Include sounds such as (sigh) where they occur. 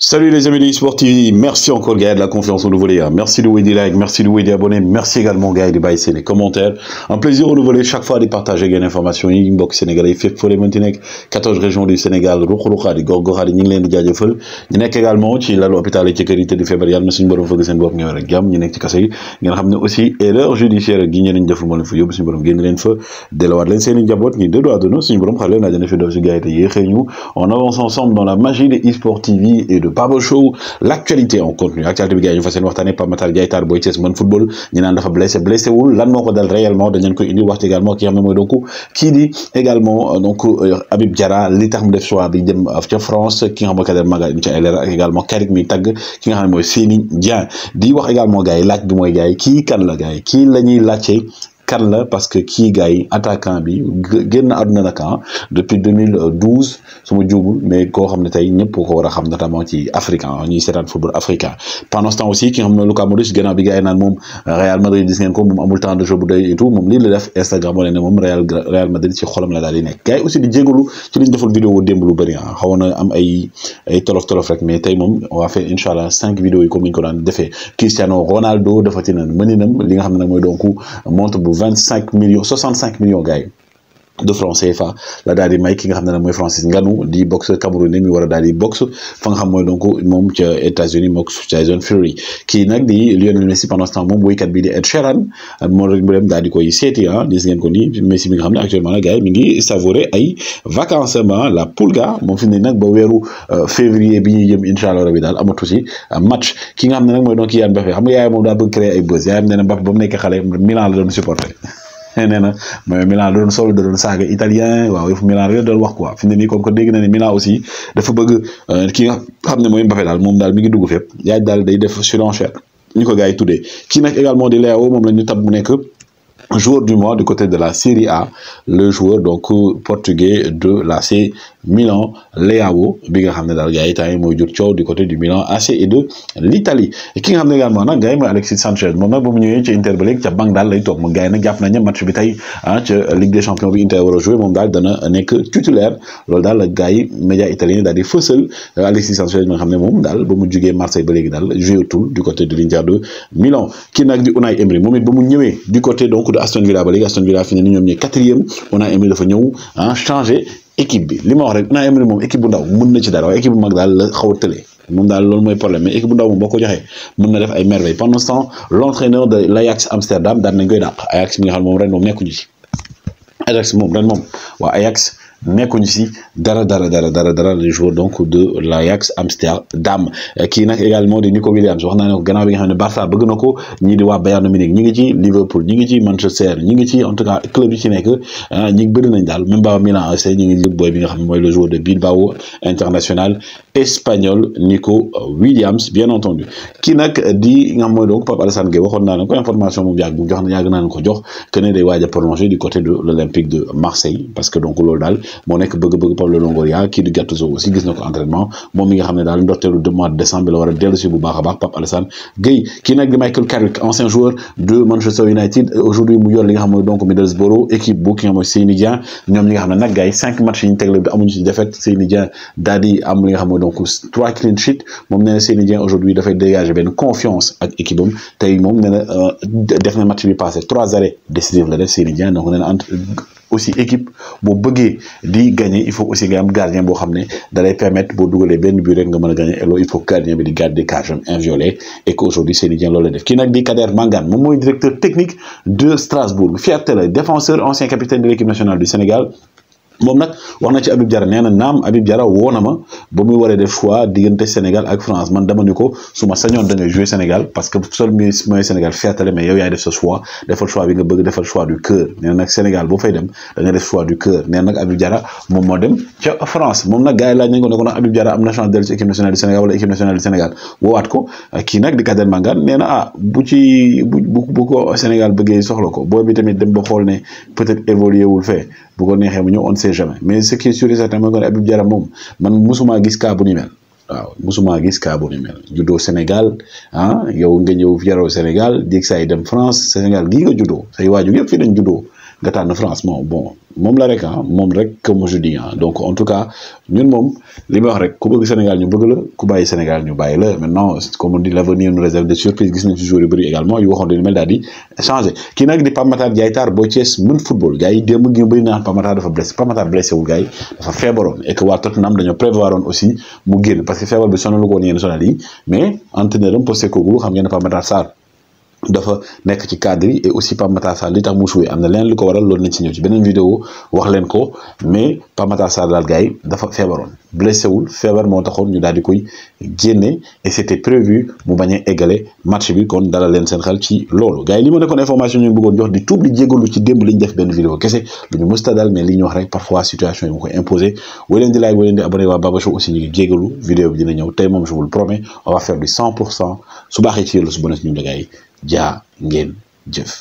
Salut les amis de eSport TV, merci encore Gaël de la confiance au nouveau les hein. Merci de louer des likes, merci de louer des abonnés, merci également Gaël de baisser les commentaires. Un plaisir au nouveau les chaque fois de partager gain information inbox sénégalais fait pour les 14 régions du Sénégal roxroxa di gorgora di ñi ngi leen di jaajëfal ñu également ci lalu hôpital yi ci kër de tëdd feebar yàlla na suñu borom fëgg seen bopp ñëw rek jàmm ñu nekk ci kase yi aussi erreur judiciaire gi ñeneen def moo leen fa borom génn leen fa delawaat leen seen i ñi deux doigts de nous, suñu borom xale naa dana fi def si Gaël te yéexee ñu on avance ensemble dans la magie de eSport TV et de de Show l'actualité en contenu actualité bi gañu fassene Tar Boy football ñu nan dafa blessé blessé wul lan moko dal réellement indi également ki donc di également euh, donc euh, Habib li def euh, France également mi également la kan la parce que ki gay attaquant bi genn aduna nag ah, depuis 2012 su ma mais ko xamne tay tey ko wara xam notamment ci africain ah, ñuy seetaan football africain pendant ce temps aussi ki nga Luka Modric genn bi gay nan mom euh, Real Madrid gis ngeen ko mom amul temps de jeu bu doy et tout mom lii la def Instagram wala ne mom Real Real Madrid ci xolam la dali nek gay aussi di jégalu ci liñ deful vidéo démb lu bari ah, xawona am ay ay tolof tolof rek mais tay mom on va faire inshallah 5 cinq vidéos yi comme ñu ko daan defé Cristiano Ronaldo dafa ci naan mëninam li nga xamne nak moy donc montre bu 25 millions, 65 millions gars de franc CFA la dali may ki nga xam moy nag mooy Francis Ngannou di boxeur camerounais mi wara dali box fa nga xam moy donc mom ci États-Unis mook Tyson Fury ki nak di Lionel Messi pendant ce temps moom kat bi di Ed Sheeran mo rek mu dem daal di koy seeti hein gis ngeen ko ni Messi mi nga xam actuellement nag gars mi ngi savouré ay vacances ah, ma la Pulga moom fi nak ba weeru euh, février bi ñuy jëm inshallah rabbi dal amatu ci euh, match ki nga xam nak moy donc Yann Mbappé xam nga yaay moom da bëgg créer ay buzz yaayam nee na Mbappé ba mu nekk xale Milan la doon supporter (laughs) nee na mais Milan doon solo doon saga italien waaw yëfu Milan rek doon wax quoi fini ni comme que deg na ni Milan aussi dafa bëgg euh, ki nga xam ne mooy Mbappé dal moom daal mi ngi dugg fep yaay dal day def surenchère ni ko gay yi tuddee kii également di Léao mom la ñu tab mu nek joueur du mois du côté de la Serie A le joueur donc portugais de l'AC Milan Leao bi nga xamné dal daal gars jur du côté du Milan AC et de l'Italie ki nga xamné également nag gars Alexis Sanchez moom nag ba mu ñëwee ci Inter ba léegi ca banque daal lay top, moom gars yi nag nañu match bi tay hein ah, ci Ligue des Champions bi Inter va jouer joué dal dana nek titulaire loolu daal gars yi média italien dal di feussel Alexis Sanchez nga xamné ne dal daal ba mu joggé Marseille ba légui dal joué tout du côté de l'Inter de Milan Ki nak di Unai Emery moom ba mu ñëwee du côté donc coup de Aston Villa ba léegi Aston Villa fi ne ni ñoom ñooy quatrième Unai dafa ñew ah changer équipe bi li ma wax rek Unai Emery mom équipe bu ndaw mën na ci dara waaye équipe bu mag dal la xaw a mom dal lool moy problème mais équipe bu ndaw moom boo ko joxee mën na def ay merveilles pendant ce temps l'entraîneur de l'Ajax Amsterdam dal na ngoy dàq Ajax mi nga xam mom ren mom nekkuñu ci Ajax mom ren mom wa Ajax nekk ñu si dara dara dara dara dara les joueurs donc de l'Ajax Amsterdam qui euh, nag également de Nico Williams wax naa ne ko gannaaw bi nga Barça bëgg na ko ñii di Wa Bayern Munich ñi ngi ci Liverpool ñi ngi ci Manchester ñi ngi ci en tout cas club yi ci nekk ah, ñi ngi bëri nañ daal même ba Milan AC ñi ngi jël booy bi nga le joueur de Bilbao international espagnol Nico Williams bien entendu Qui n'a di nga xam donc Pape Alassane Gueye waxoon naa ne ko information moom yàgg bu jox na yàgg de ko jox que ne day prolonger du côté de l'Olympique de Marseille parce que donc loolu moo nekk bëgg-bëgg Pablo Longoria ki di Gattuso aussi gis nako entraînement mom mi nga xamné dal daal ndorteelu mois de décembre la war a dellu bu baax baax Pape Alassane Gueye ki nak di Michael Carrick ancien joueur de Manchester United aujourd'hui mu yoll li nga xamné donc Middlesbrough équipe bu ki nga xam ne ñom ñi nga xamné nak gay 5 matchs ñu tegle bi amuñu ci défaite Seny Dieng daal di am li nga xamné donc 3 clean sheet mom nee na Seny Dieng aujourd'hui dafay dégager ben confiance ak équipe am tey moom nee na euh, def match bi passé 3 arrêts décisifs la def Seny Dieng donc nee na aussi équipe bo bëggee di gagner il faut aussi nga am gardien bo xamné permettre bo dougalé benn but rek nga gagner et il faut gardien bi di garder cage inviolé et qu'aujourd'hui aujourd'hui c'est l'olé def kii nak di Kader Mangane directeur technique de Strasbourg fierté défenseur ancien capitaine de l'équipe nationale du Sénégal moom nag wax na ci Habib jara nee na naam Habib Diarra woo na ma ba muy waree def choix diggante Sénégal ak France man dama ni ko su ma sañoon da ngay jouer Sénégal parce que sol mi mooy Sénégal feetale mais yow yaay def sa choix defal choix bëgg defal choix du cœur nee na nag Sénégal boo fay dem da nga def choix du cœur nee na nag moom moo dem ca France moom nag gars yi laaj nañ ko ne ko nag Habib Diarra am na chance dellu ci équipe nationale du Sénégal wala équipe nationale du Sénégal woowaat ko kii nag di Kader Mangane nee na ah bu ci bu bu ko Sénégal bëggee soxla ko booy bi tamit dem ba xool ne peut-être évolué wul fee bu ko neexee mu ñëw on sait jamais mais ce qui est sûr et certain moom man mosumaa gis cas bu ni mel waaw mosumaa gis cas bu juddoo Sénégal ah yow nga ñëw yaroo Sénégal dégg saa yi dem France Sénégal gii nga juddoo say waajur yëpp fii dañ juddoo. nga tànn franchement bon mom la rek ah moom rek comme je dis hein donc en tout cas ñun mom li wax rek ku bëgg Sénégal ñu bëgg la ku bàyyi Sénégal ñu bàyyi la maintenant comme on dit l'avenir nous réserve des surprises gis nañ fi joueurs yu bëri également yu waxoon dañu mel daal di changer ki nak di Pape Matar bo Tar boo mën football gars yi dem gi bëri naan Pape Matar dafa blessé Pape blessé wu gars yi dafa feebaroon et que waa Tottenham dañu prévoir aussi mu guen parce que feebar bi sonalu ko woon sonal yi mais entraîneur am gu xam ngeen ne Pape Sarr dafa nek ci cadre et aussi pa matassa Sarr li tax mu suwee am na leneen waral loolu nañ ci ñëw ci benen vidéo wax leen ko mais pa matassa dal gay dafa feebaroon blessé wul feebar mo taxoon ñu dal di koy génné et c'était prévu mu bañé a match bi kon dalal leen seen xal ci loolu gay li mo nekkoon information ñu bëggoon jox di tout di jégalu ci demb li ñu def benn vidéo kessé luñu ñu dal mais li ñu wax rek parfois situation yi mu ko imposé woo leen di like woo leen di abonné wa Baba Show aussi ñu ngi vidéo bi dina ñëw tay mom je vous le promets on va faire du 100 su baaxee ci yéen la su bonee si ñun jaa ngeen jëf